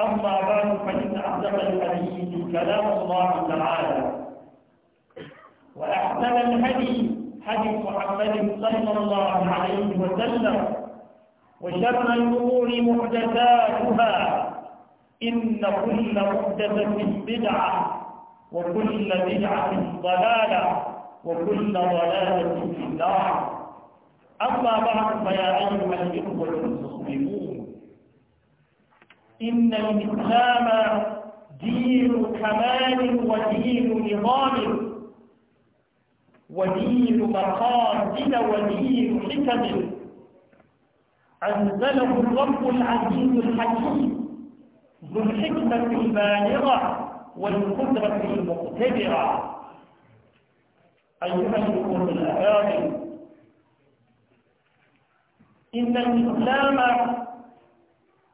أما بعد فإن أحدث الحديث كلام الله تعالى وأحسن الهدي هدي محمد صلى الله عليه وسلم وشر الأمور محدثاتها إن كل محدثة بدعة وكل بدعة ضلالة وكل ضلالة في النار أما بعد فيا أيها الإخوة المسلمون إن الإسلام دين كمال ودين نظام ودين مقاصد ودين حكم أنزله الرب العزيز الحكيم ذو الحكمة البالغة والقدرة المقتدرة أيها الأخوة الأكارم إن الإسلام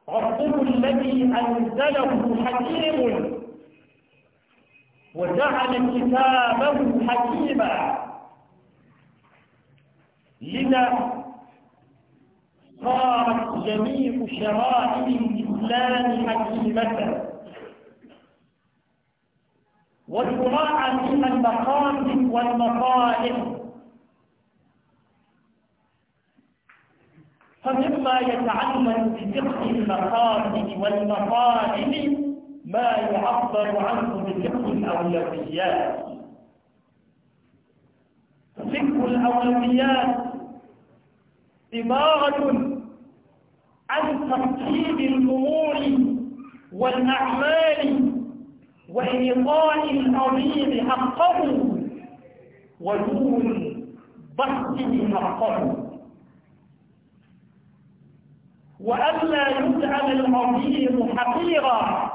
ربه الذي أنزله حكيم وجعل كتابه حكيما لذا صارت جميع شرائع الإسلام حكيمة وتراعى فيها المقاصد والمصالح فمما يتعلق بفقه المقاصد والمطالب ما يعبر عنه بفقه الأولويات فقه الأولويات عبارة عن ترتيب الأمور والأعمال وإيقاع الأمير حقه ودون بحثه حقه وألا يجعل العظيم حقيرا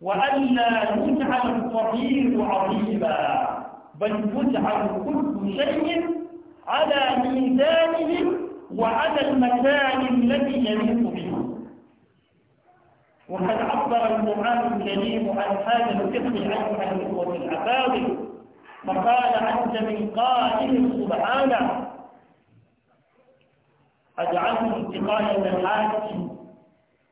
وألا يجعل الصغير عظيما بل يجعل كل شيء على ميزانه وعلى المكان الذي يليق به وقد عبر القرآن الكريم عن هذا الفقه أيها الإخوة الأفاضل فقال عز من قائل سبحانه أجعله انتقالا الحاج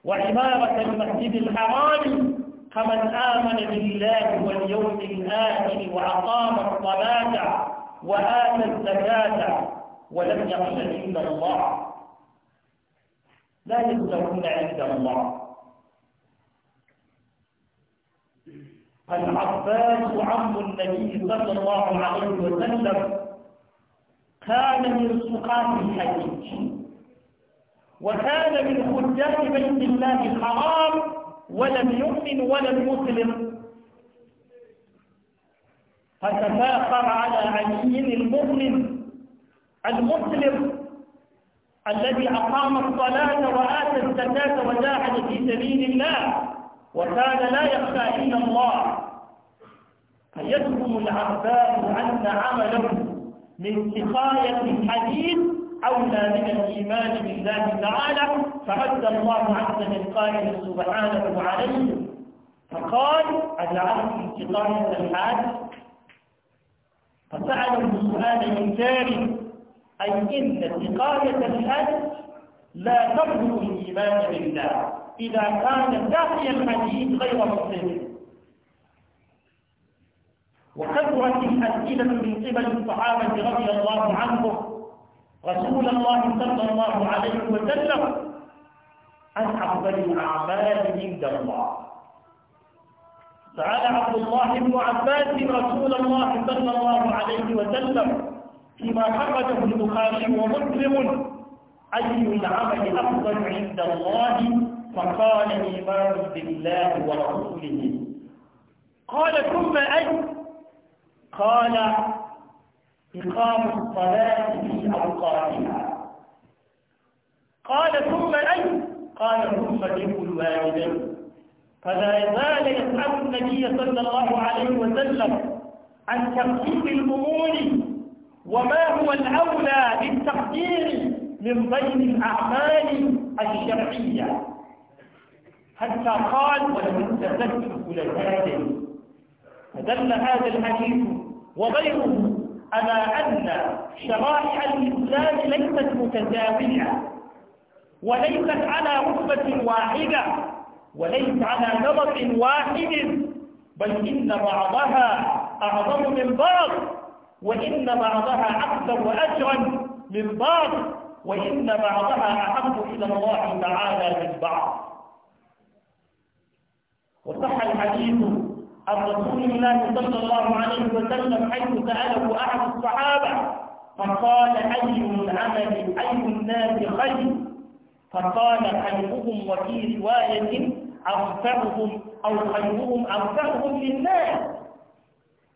وعمارة المسجد الحرام فمن آمن بالله واليوم الآخر وأقام الصلاة وآتى الزكاة ولم يخش إلا الله لا يجزون عند الله العباس عم النبي صلى الله عليه وسلم كان من سقاة الحديث وكان من خدام بيت الله الحرام ولم يؤمن ولم يسلم فتفاخر على علي المؤمن المسلم الذي أقام الصلاة وآتى الزكاة وجاهد في سبيل الله وكان لا يخشى إلا الله فيزعم العباس أن عمله من سقاية الحديث أولى من الإيمان بالله تعالى فعد الله عز من قائل سبحانه عليه فقال أجعلت انتقام الحاد السؤال من ينكاري أي إن انتقامة الحد لا تبدو الإيمان بالله إذا كان داخل الحديث غير مسلم وكثرت الأسئلة من قبل الصحابة رضي الله عنهم رسول الله صلى الله عليه وسلم عن أفضل الأعمال عند الله سأل عبد الله بن عباس رسول الله صلى الله عليه وسلم فيما حرجه البخاري ومسلم أي العمل أفضل عند الله فقال الإيمان بالله ورسوله قال ثم أي قال إقام الصلاة في أوقاتها قال ثم أي قال ثم بر الوالدين فلا يزال يسأل النبي صلى الله عليه وسلم عن تقديم الأمور وما هو الأولى بالتقدير من بين الأعمال الشرعية حتى قال ولو كل فلتان فدل هذا الحديث وغيره أما أن شرائع الإسلام ليست متساوية وليست على رتبة واحدة وليس على نمط واحد بل إن بعضها أعظم من بعض وإن بعضها أكثر أجرا من بعض وإن بعضها أحب إلى الله تعالى من بعض وصح الحديث عن رسول الله صلى الله عليه وسلم حيث سأله أحد الصحابة فقال أي العمل أي الناس خير فقال خيرهم وفي رواية أرفعهم أو خيرهم أرفعهم للناس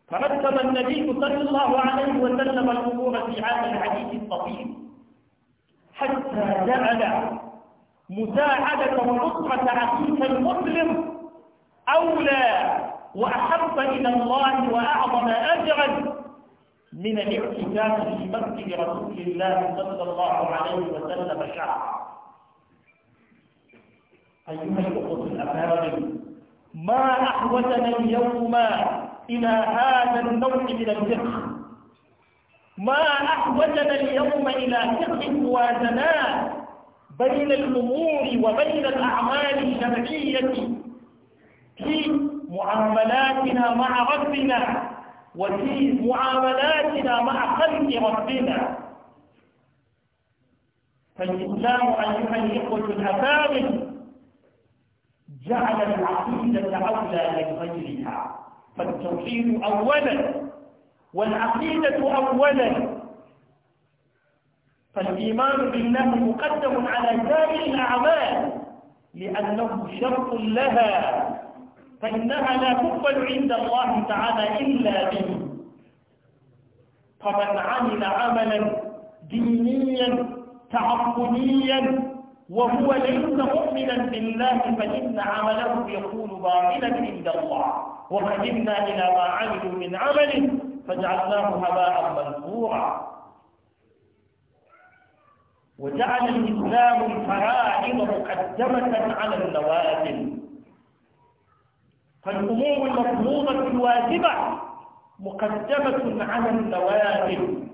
فرتب النبي صلى الله عليه وسلم الأمور في هذا الحديث الطويل حتى جعل مساعدة ونصرة أخيك المسلم أولى وأحب إلى الله وأعظم أجرا من الاعتكاف في مسجد رسول الله صلى الله عليه وسلم شعرا أيها الأخوة الأكارم ما أحوجنا اليوم إلى هذا النوع من الفقه ما أحوجنا اليوم إلى فقه موازنات بين الأمور وبين الأعمال الشرعية في معاملاتنا مع ربنا وفي معاملاتنا مع خلق ربنا فالإسلام أيها الإخوة الأفاضل جعل العقيدة أولى من غيرها فالتوحيد أولا والعقيدة أولا فالإيمان بالله مقدم على سائر الأعمال لأنه شرط لها فإنها لا تقبل عند الله تعالى إلا به فمن عمل عملا دينيا تعقليا وهو ليس مؤمنا بالله فإن عمله يكون باطلا عند الله وقدمنا إلى ما عملوا من عمل فجعلناه هباء منثورا وجعل الإسلام الفرائض مقدمة على النوازل فالأمور المطلوبة الواجبة مقدمة على النوازل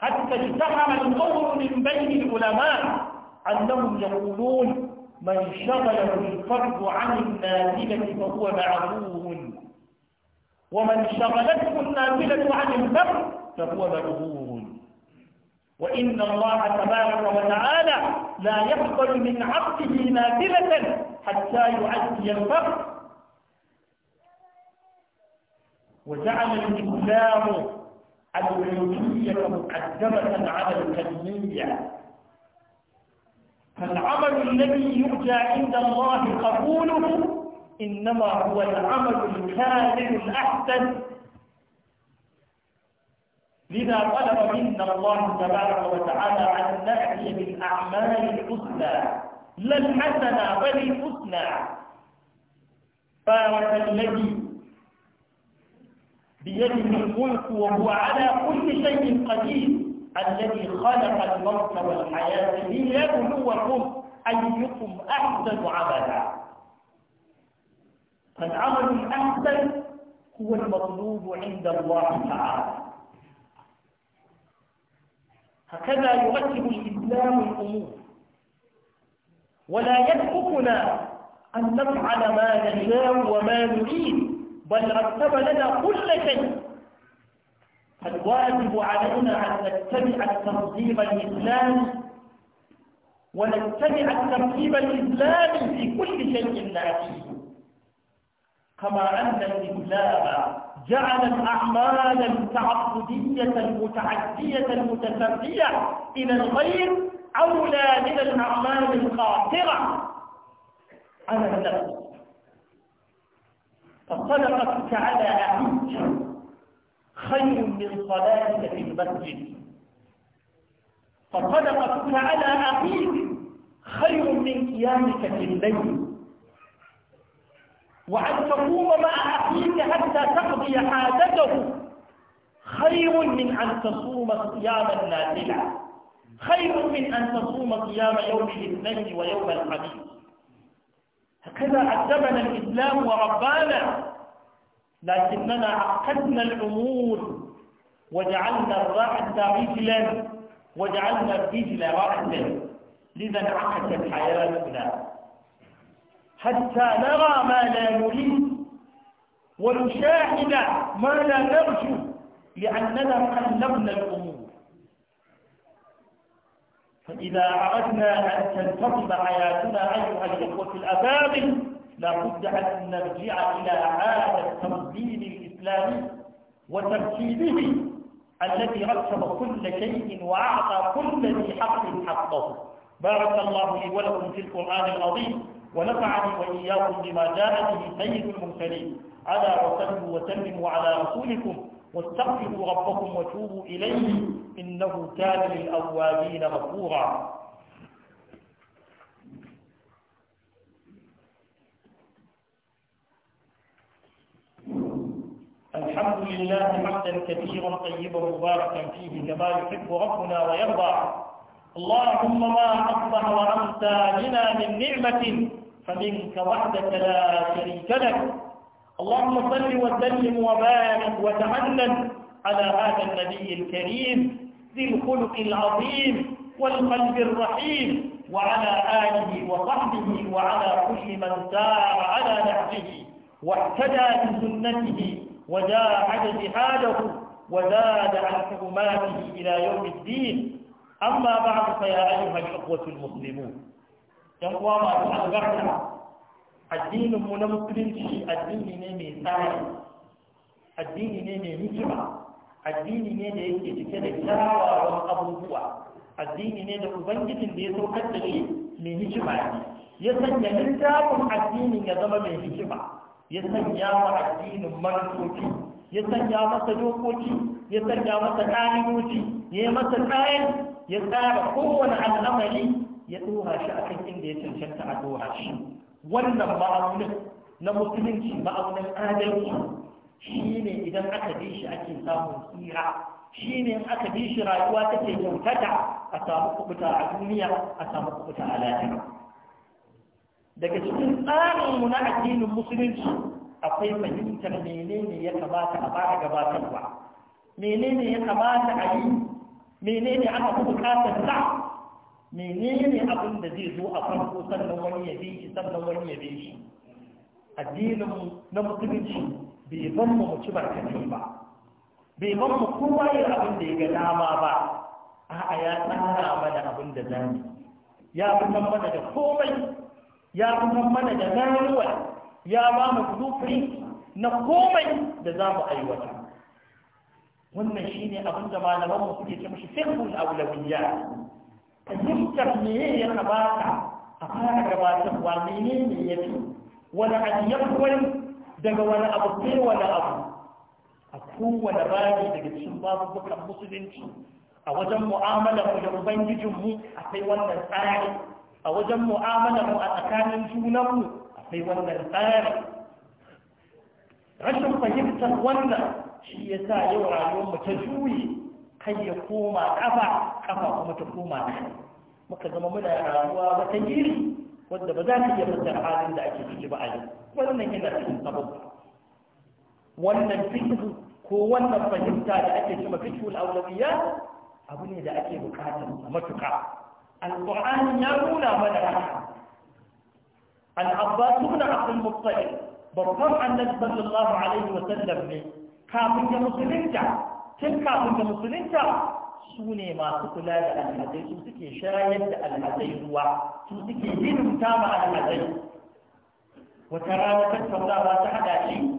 حتى اشتهر القول من بين العلماء أنهم يقولون من شغله الفرد عن النازلة فهو معذور ومن شغلته النازلة عن الفرد فهو مجبور وإن الله تبارك وتعالى لا يقبل من عبده نازلة حتى يؤدي الفرد وجعل الإسلام الوجودية مقدمة على الكمية فالعمل الذي يرجى عند الله قبوله إنما هو العمل الكامل الأحسن لذا طلب منا الله تبارك وتعالى أن نأتي بالأعمال الحسنى لا الحسنى بل الحسنى فالذي الذي بيده الملك وهو على كل شيء قدير الذي خلق الموت والحياة ليبلوكم أيكم أحسن عملا فالعمل الأحسن هو المطلوب عند الله تعالى هكذا يرتب الإسلام الأمور ولا يتركنا أن نفعل ما نشاء وما نريد بل رتب لنا كل شيء فالواجب علينا أن نتبع التنظيم الإسلامي ونتبع الترتيب الإسلامي في كل شيء نأتيه كما أن الإسلام جعل الأعمال التعبدية المتعدية المتسرية إلى الغير أولى من الأعمال الخاطرة على النفس فصدقتك على أخيك خير من صلاتك في المسجد فصدقتك على أخيك خير من قيامك في الليل وأن تقوم مع أخيك حتى تقضي حاجته خير من أن تصوم صيام النازلة خير من أن تصوم صيام يوم الاثنين ويوم الخميس هكذا أدبنا الإسلام وربانا لكننا عقدنا الأمور وجعلنا الرعد رجلا وجعلنا الرجل رعدا لذا انعقدت حياتنا حتى نرى ما لا نريد ونشاهد ما لا نرجو لأننا قلبنا الأمور فإذا أردنا أن تنتصب حياتنا أيها الإخوة الأفاضل لابد أن نرجع إلى هذا التنظيم الإسلامي وتركيبه الذي رتب كل شيء وأعطى كل ذي حق حقه بارك الله لي ولكم في القرآن العظيم ونفعني وإياكم بما جاء به سيد المرسلين ألا وسلموا وسلموا على رسولكم واستغفروا ربكم وتوبوا إليه إنه كان للأوابين غفورا الحمد لله حمدا كثيرا طيبا مباركا فيه كما يحب ربنا ويرضى اللهم ما أصبح وأنت لنا من نعمة فمنك وحدك لا شريك لك اللهم صل وسلم وبارك وتعلم على هذا النبي الكريم ذي الخلق العظيم والقلب الرحيم وعلى آله وصحبه وعلى كل من سار على نهجه واهتدى بسنته وجاهد جهاده وزاد عن حرماته إلى يوم الدين أما بعد فيا أيها الإخوة المسلمون تقوى ما تعذرنا addinin mu na musulunci addini ne mai tsari addini ne mai mutuwa addini ne da yake cike da kyawawan abubuwa addini ne da ubangijin da ya saukar da shi mai hikima ne ya sanya littafin addinin ya zama mai hikima ya sanya wa addinin manufofi ya sanya masa dokoki ya sanya masa ƙa'idoji ya yi masa tsayin ya tsara kowane al'amari ya ɗora shi a kan inda ya cancanta a ɗora shi wannan ma'aunin na musulunci ma'aunin adalci shi ne idan aka bi shi ake samun tsira shi ne aka bi shi rayuwa take kyautata a samu kubuta a duniya a samu kubuta a lahira daga cikin tsarinmu na addinin musulunci akwai fahimtar menene ya kamata a fara gabatarwa menene ya kamata a yi menene aka fi bukatar sa menene abin da zai zo a farko sannan wani ya bi shi sannan wani ya bi shi addinin na musulunci bai ban mu mu ci barkatai ba bai ban mu kowa yin abin da ya ga dama ba a'a ya tsara mana abin da za mu, ya fitan mana da komai ya fitan mana da ganuwa ya ba mu blueprint na komai da za mu aiwata wannan shine abin da malaman mu suke ce mishi fiqhul awlawiyya fahimtar meye ya kamata a fara gabatarwa mene ne ya fi wani abu daga wani abu sai wani abu a kowane bayi daga cikin babubukan musulunci a wajen mu'amalar mu da ubangijinmu akwai wannan tsari a wajen mu'amalar mu a tsakanin mu, akwai wannan tsari rashin fahimtar wannan shi yasa yau rayuwar mu ta juye kai ya koma kafa kafa kuma ta koma kai muka zama muna rayuwa wata iri wadda ba za ta iya fitar halin da ake ciki ba a yau wannan yana cikin sababba wannan fikihu ko wannan fahimta da ake cima fikihul awlawiyya abu ne da ake bukatar matuka alqur'ani ya nuna mana haka al-abbas ibn abdul muttalib babban annabi sallallahu alaihi wa sallam ne kafin ya musulunta tun kafin da musulunta su ne masu kula da alhazai su suke shayar da alhazai ruwa su suke yin ma alhazai wata rana tattaunawa ta hada shi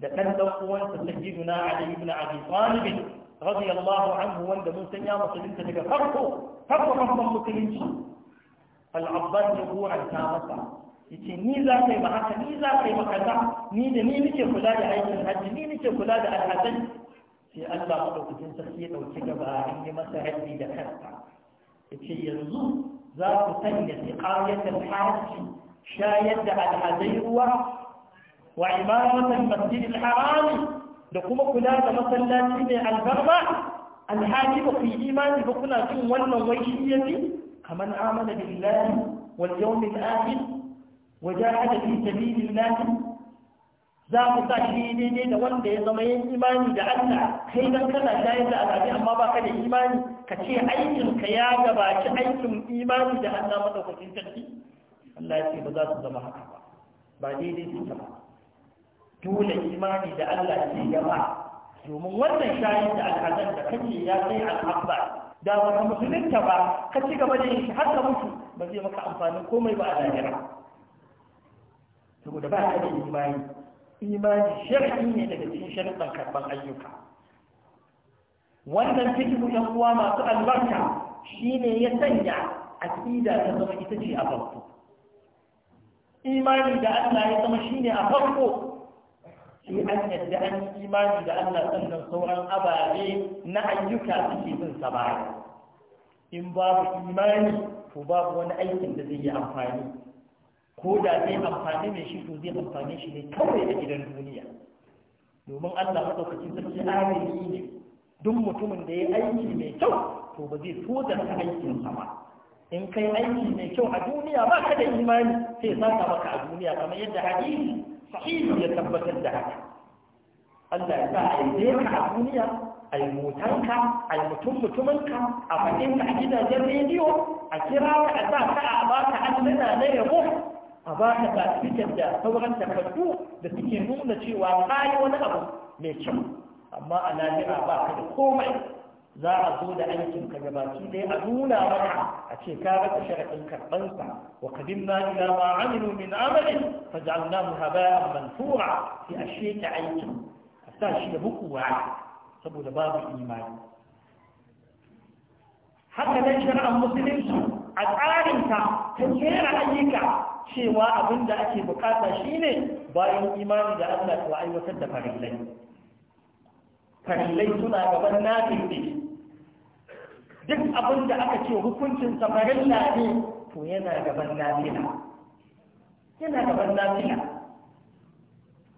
da ɗan ɗan uwansa ta sayyiduna ali ibn abi talib radiyallahu anhu wanda mun san ya musulunta daga farko farko farkon musulunci al-abbas ya goranta masa yace ni za kai ba haka ni za kai ba kaza ni da ni nake kula da aikin hajji ni nake kula da alhazai sai Allah maɗaukakin sarki ya ɗauki gaba yi masa rabbi da kansa ya ce yanzu za ku sanya siƙayatar hajji shayar da alhazai ruwa wa imamatar masjidil harami da kuma kula da masallaci mai albarba alhaji ba ku yi imani ba kuna jin wannan wai shi fi? kamar amana billahi wal yawmil akhir وجاهد في سبيل za mu sa shi daidai da wanda ya zama yin imani da Allah kai dan kana shayar da azabi amma ba ka da imani ka ce aikin ka ya gabaci aikin imani da Allah madaukakin sarki Allah ya ce ba za su zama haka ba ba daidai su ba dole imani da Allah ce gaba domin wannan shayar da alhazan da kake ya kai alhabba da ba ka musulunta ba ka ci gaba da yin shi har ka mutu ba zai maka amfanin komai ba a lahira saboda ba ka da imani imani shar'i ne daga cikin sharuɗan karɓar ayyuka wannan fikihu yan uwa masu albarka shine ya sanya aqida ta zama ita ce a farko imani da Allah ya zama shine a farko sai an yadda an yi imani da Allah sannan sauran ababe na ayyuka suke bin sa baya in babu imani to babu wani aikin da zai yi amfani ko da zai amfani mai shi to zai amfani shi ne kawai a gidan duniya domin Allah madaukakin sarki amiri ne duk mutumin da ya aiki mai kyau to ba zai tozar ta aikin ba in kai aiki mai kyau a duniya ba ka da imani sai ya saka maka a duniya kamar yadda hadisi sahihi ya tabbatar da haka Allah ya sa a yi ka a duniya a yi motarka a yi mutum mutuminka a faɗinka a gidajen rediyo a kira ka a sa ka a baka alluna na yabo a ba ka tafitar da sauran takardu da suke nuna cewa kayi wani abu mai kyau amma a lahira ba ka da komai za a zo da aikin ka gabaki dai a nuna maka a ce ka rasa sharaɗin karɓansa wa qadimna ila ma Aminu min amalin faj'alnahu haba'an mansura sai a sheka aikin a sa shi da bukuwa saboda babu imani haka nan shari'ar musulunci a tsarinta ta kera ayyuka cewa abin da ake bukata shine bayan imani da Allah ta aiwatar da farillai farillai suna gaban nafin ne duk abin da aka ce hukuncin samarin farilla to yana gaban nafila yana gaban nafila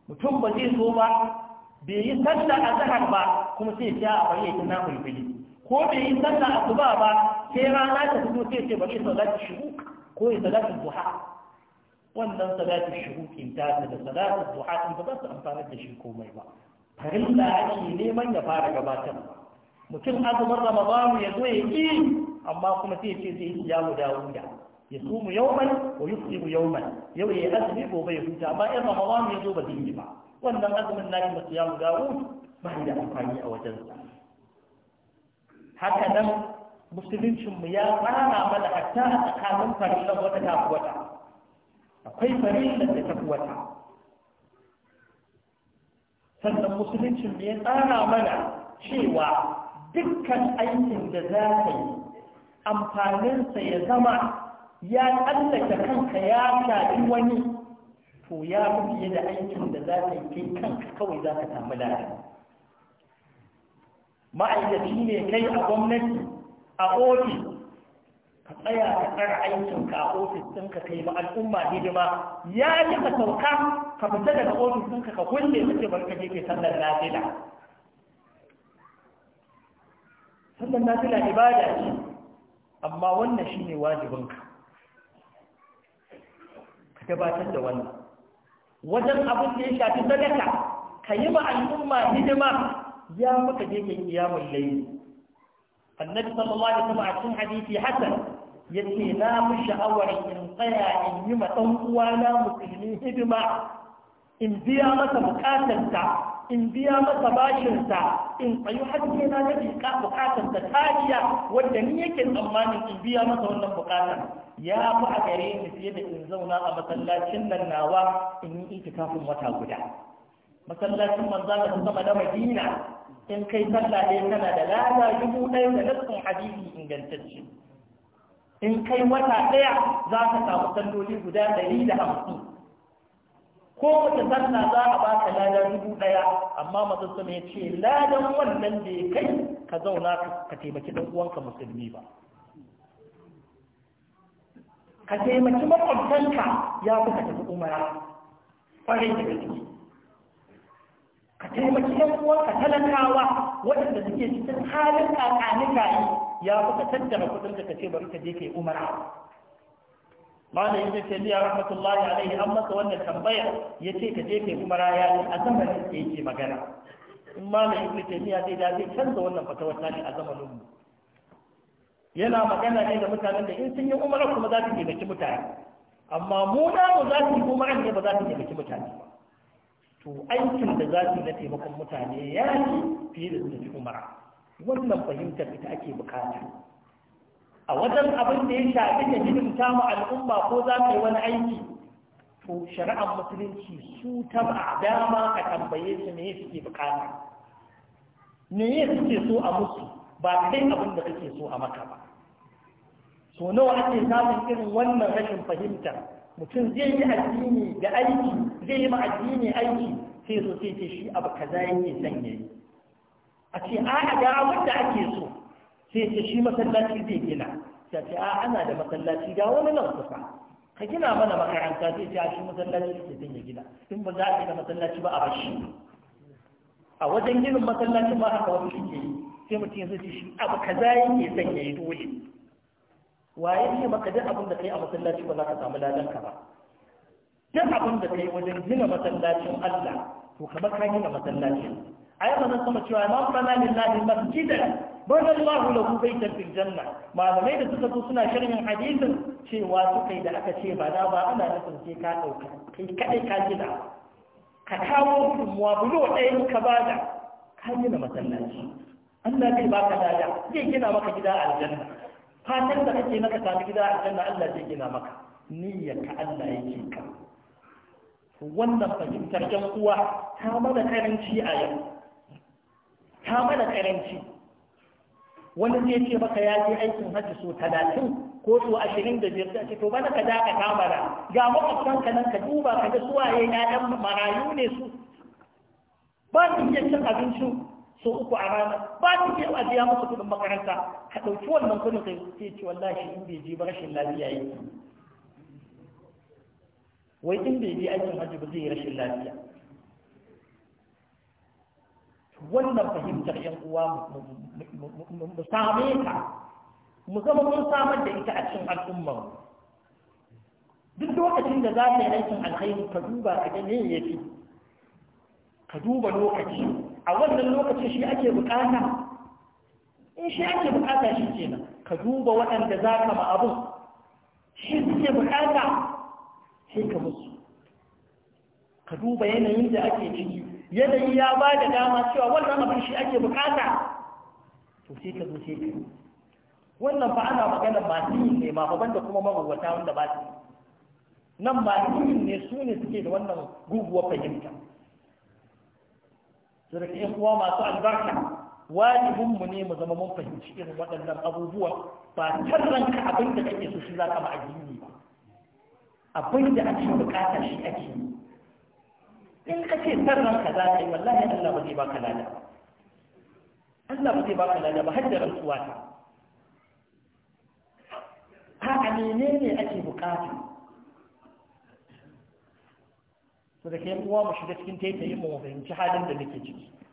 mutum ba zai so ba bai yi sassa a zahar ba kuma sai ya a bari ya na fulfili ko bai yi sassa a zuba ba sai rana ta fito sai ce bari salatu shi ko ya salatu buha. wannan salatin shuruki ta da salatin duha ba za su amfanar da shi komai ba farilla ake neman ya fara gabatar mutum azumin ramadan ya zo ya yi amma kuma sai ce zai yi yawo dawuda ya sumu yauman wa yufsiru yauman yau ya azumi gobe ya huta amma in ramadan ya zo ba zai yi ba wannan azumin nashi ba su yawo dawud ba da amfani a wajensa haka nan musuluncinmu ya fara mana hatta a tsakanin farillan wata ta wata akwai farin da ta wata sannan musuluncin ne ya tsara mana cewa dukkan aikin da za ka yi amfaninsa ya zama ya tsallaka kanka ya shaɗi wani to ya fiye da aikin da za ka yi kanka kawai za ka samu lafiya ma'aikaci ne kai a gwamnati a ofis ka tsaya ka tsara aikin ka a ofis ɗinka kai ma al'umma hidima ya yi ka sauka ka fita daga ofis ɗinka ka kulle suke barka je kai sallar nafila sallar nafila ibada ce amma wannan shine wajibinka ka gabatar da wannan wajen abin da ya shafi sadaka ka yi ma al'umma hidima ya maka je kai kiyamun laili annabi sallallahu alaihi wasallam a cikin hadisi hasan ya na fi sha'awar in tsaya in yi ma ɗan na musulmi hidima in biya masa bukatarsa in biya masa bashinsa in tsayu haske na na bika bukatarsa kariya wanda ni yake tsammanin in biya masa wannan bukatar ya fi a gare ni fiye da in zauna a masallacin nan nawa in yi itikafin wata guda masallacin manza da sama na madina in kai sallah tana kana da lada dubu ɗaya da nassin hadisi ingantacce in kai wata ɗaya za ka samu sandoli guda ɗari da hamsin ko wata sanna za a ba ka lada dubu ɗaya amma sun ya ce ladan wannan da ya kai ka zauna ka taimaki ɗan uwanka musulmi ba ka taimaki makwabtanka ya fi ka tafi umara kwarai da gaske ka taimaki ɗan uwanka talakawa waɗanda suke cikin halin ƙaƙanika yi ya fi ka tattara kudin ka ce bari ka je kai umara malam ibn ya rahmatullahi alaihi amma ka wannan tambaya yace ka je kai umara ya yi a zamanin da yake magana in malam ibn taymiya zai da zai canza wannan ta ne a zamanin mu yana magana ne da mutanen da in sun yi umara kuma za su taimaki mutane amma mu da mu za su yi umara ne ba za su taimaki mutane to aikin da za su yi na taimakon mutane ya fi fiye da su tafi umara wannan fahimtar ita ake bukata a wajen abin da ya shafi da hidimta mu al'umma ko za mu yi wani aiki to shari'ar musulunci su ta ba dama a tambaye su me suke bukata me suke so a musu ba kai abin da kake so a maka ba so nawa ake samun irin wannan rashin fahimtar mutum zai yi addini da aiki zai yi ma addini aiki sai so sai ce shi abu kaza yake son yayi a ce a ga wanda ake so sai ce shi masallaci zai gina ta ce a ana da masallaci ga wani nan kusa ka gina mana makaranta zai ce a shi masallaci ke zai ya gina in ba za a gina masallaci ba a bashi a wajen ginin masallacin ba haka wani ke yi sai mutum ya zai shi abu ka za yi son ya yi dole waye ne maka duk abin da kai a masallaci ba za ka samu ladan ka ba duk abin da kai wajen gina masallacin Allah to kamar ka gina masallacin ai zan sama cewa ma kana lillahi masjidan bada Allahu lahu baitan fil janna malamai da suka zo suna sharhin hadisin cewa suka yi da aka ce ba Na ba ana nufin sai ka dauka kai kadai ka gida ka kawo gudunmuwa bulo ɗaya ka bada ka gina masallaci Allah zai baka dada zai gina maka gida a aljanna fatan da kake naka sami gida a aljanna Allah zai gina maka ya ka Allah yake ka wannan fahimtar jan uwa ta mana karanci a yau ta mana karanci wani zai ce maka ya je aikin hajji so talatin ko so ashirin da biyar ce to bana ka da ka kamara ga makwabtan ka nan ka duba ka ga suwaye na ɗan marayu ne su ba su iya cin abincin so uku a rana ba su iya a biya musu kuɗin makaranta ka ɗauki wannan kudin ka ce ce wallahi in bai je ba rashin lafiya yi. wai in bai je aikin hajji ba zai yi rashin lafiya wannan fahimtar yan uwa mu same ta mu zama mun samar da ita a cikin al'umma duk lokacin da za ka yi aikin alkhairi ka duba ka ga me yafi ka duba lokaci a wannan lokacin shi ake bukata in shi ake bukata shi kenan ka duba waɗanda za ka ma abin shi suke bukata sai ka musu ka duba yanayin da ake ciki yanayi ya ba da dama cewa wannan abin shi ake bukata to sai ka zo sai ka wannan fa ana magana masu yin ne ma banda kuma magwata wanda ba su nan masu yin ne su ne suke da wannan guguwar fahimta su da ƴan masu albarka mu ne mu zama mun fahimci irin waɗannan abubuwa ba tarranka abin da kake so shi za ka ba addini ba abin da ake bukata shi ake yi إن ان ان كثير ترى كذا والله إلا بدي باكل هذا إلا بدي باكل هذا بهدر الصوات ها عمينين أتي بقاتي فذا كيم هو مش ذا كين تي تي مو فين جهاد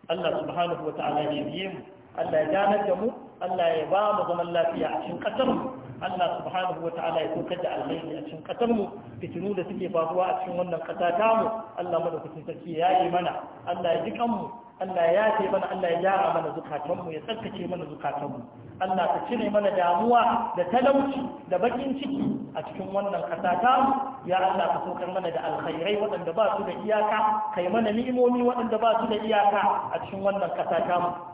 عند الله سبحانه وتعالى يبيم الله جانا جمو الله يبام وضم الله فيها عشان قتمه Allah subhanahu wa ta'ala ya saukar da alheri a cikin kasar mu fitinu da suke faruwa a cikin wannan kasa ta mu Allah madaukakin sarki ya yi mana Allah ya ji Allah ya yafe mana Allah ya gyara mana zukatan mu ya tsarkace mana zukatan mu Allah ka cire mana damuwa da talauci da bakin ciki a cikin wannan kasa ta mu ya Allah ka saukar mana da alkhairai waɗanda ba su da iyaka kai mana ni'imomi waɗanda ba su da iyaka a cikin wannan kasa ta mu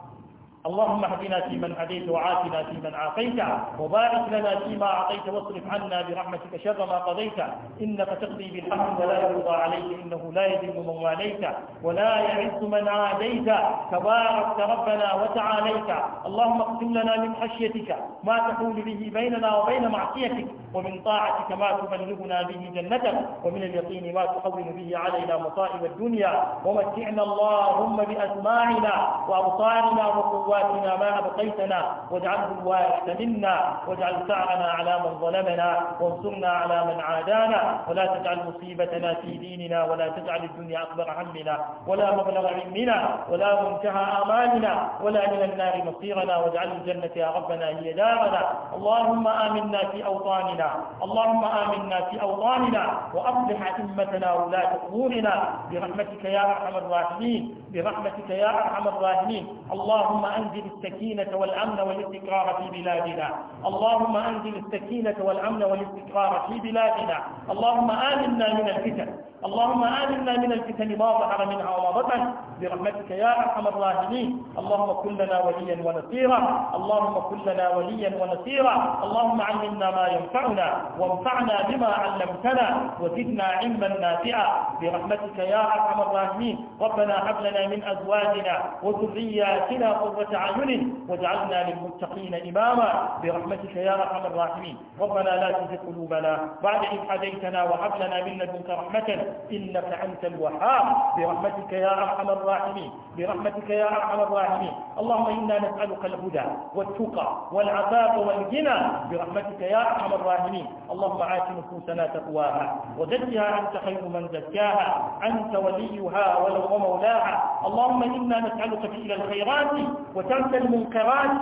اللهم اهدنا فيمن هديت وعافنا فيمن عافيت وبارك لنا فيما اعطيت واصرف عنا برحمتك شر ما قضيت انك تقضي بالحق ولا يرضى عليك انه لا يذل من واليت ولا يعز من عاديت تبارك ربنا وتعاليت اللهم اقسم لنا من خشيتك ما تحول به بيننا وبين معصيتك ومن طاعتك ما تبلغنا به جنتك ومن اليقين ما تحول به علينا مصائب الدنيا ومتعنا اللهم باسماعنا وابصارنا وقواتنا وآتنا ما أبقيتنا واجعله الوارث منا واجعل سعنا على من ظلمنا وانصرنا على من عادانا ولا تجعل مصيبتنا في ديننا ولا تجعل الدنيا أكبر همنا ولا مبلغ علمنا ولا منتهى آمالنا ولا من النار مصيرنا واجعل الجنة يا ربنا هي دارنا اللهم آمنا في أوطاننا اللهم آمنا في أوطاننا أوطاننا وأصلح أئمتنا ولاة أمورنا برحمتك يا أرحم الراحمين برحمتك يا أرحم الراحمين اللهم أنزل السكينة والأمن والاستقرار في بلادنا اللهم أنزل السكينة والأمن والاستقرار في بلادنا اللهم آمنا من الفتن اللهم آمنا من الفتن ما ظهر منها وما بطن برحمتك يا أرحم الراحمين اللهم كن لنا وليا ونصيرا اللهم كن لنا وليا ونصيرا اللهم علمنا ما ينفعنا وانفعنا بما علمتنا وزدنا علما نافعا برحمتك يا أرحم الراحمين ربنا هب لنا من أزواجنا وذرياتنا قرة أعين واجعلنا للمتقين إماما برحمتك يا أرحم الراحمين ربنا لا تزغ قلوبنا بعد إذ هديتنا وهب لنا من لدنك رحمة إنك أنت الوهاب برحمتك يا أرحم الراحمين برحمتك يا أرحم الراحمين اللهم إنا نسألك الهدى والتقى والعفاف والغنى برحمتك يا أرحم الراحمين اللهم عاش نفوسنا تقواها وزكها أنت خير من زكاها أنت وليها ولو ومولاها اللهم إنا نسألك فعل الخيرات وترك المنكرات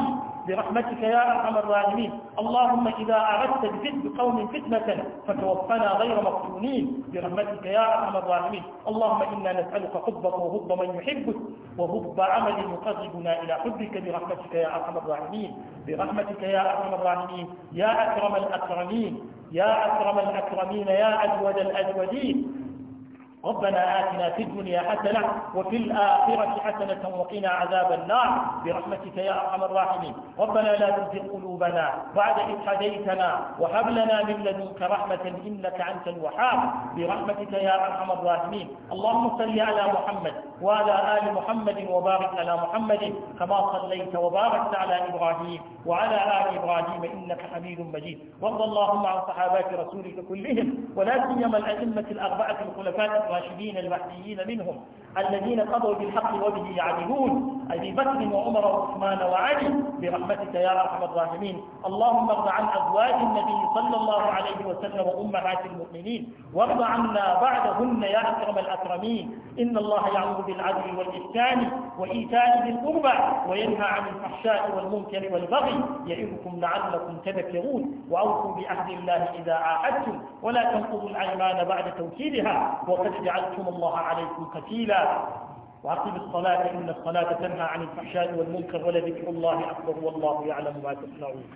برحمتك يا أرحم الراحمين اللهم إذا أردت بفتن قوم فتنة فتوفنا غير مفتونين برحمتك يا أرحم الراحمين اللهم إنا نسألك حبك وحب من يحبك وحب عمل يقربنا إلى حبك برحمتك يا أرحم الراحمين برحمتك يا أرحم الراحمين يا أكرم الأكرمين يا أكرم الأكرمين يا أجود الأجودين ربنا آتنا في الدنيا حسنة وفي الآخرة حسنة وقنا عذاب النار برحمتك يا أرحم الراحمين ربنا لا تزغ قلوبنا بعد إذ هديتنا وهب لنا من لدنك رحمة إنك أنت الوهاب برحمتك يا أرحم الراحمين اللهم صل على محمد وعلى آل محمد وبارك على محمد كما صليت وباركت على إبراهيم وعلى آل إبراهيم إنك حميد مجيد وارض اللهم عن صحابات رسولك كلهم ولا سيما الأئمة الأربعة الخلفاء الراشدين المهديين منهم الذين قضوا بالحق وبه يعدلون أبي بكر وعمر وعثمان وعلي برحمتك يا أرحم الراحمين اللهم ارض عن أزواج النبي صلى الله عليه وسلم وأمهات المؤمنين وارض عنا بعدهن يا أكرم الأكرمين إن الله يعمر بالعدل والإحسان وإيتاء ذي القربى وينهى عن الفحشاء والمنكر والبغي يعظكم لعلكم تذكرون وأوفوا بعهد الله إذا عاهدتم ولا تنقضوا الأيمان بعد توكيدها وقد جعلتم الله عليكم قتيلا وأقم الصلاة إن الصلاة تنهى عن الفحشاء والمنكر ولذكر الله أكبر والله يعلم ما تصنعون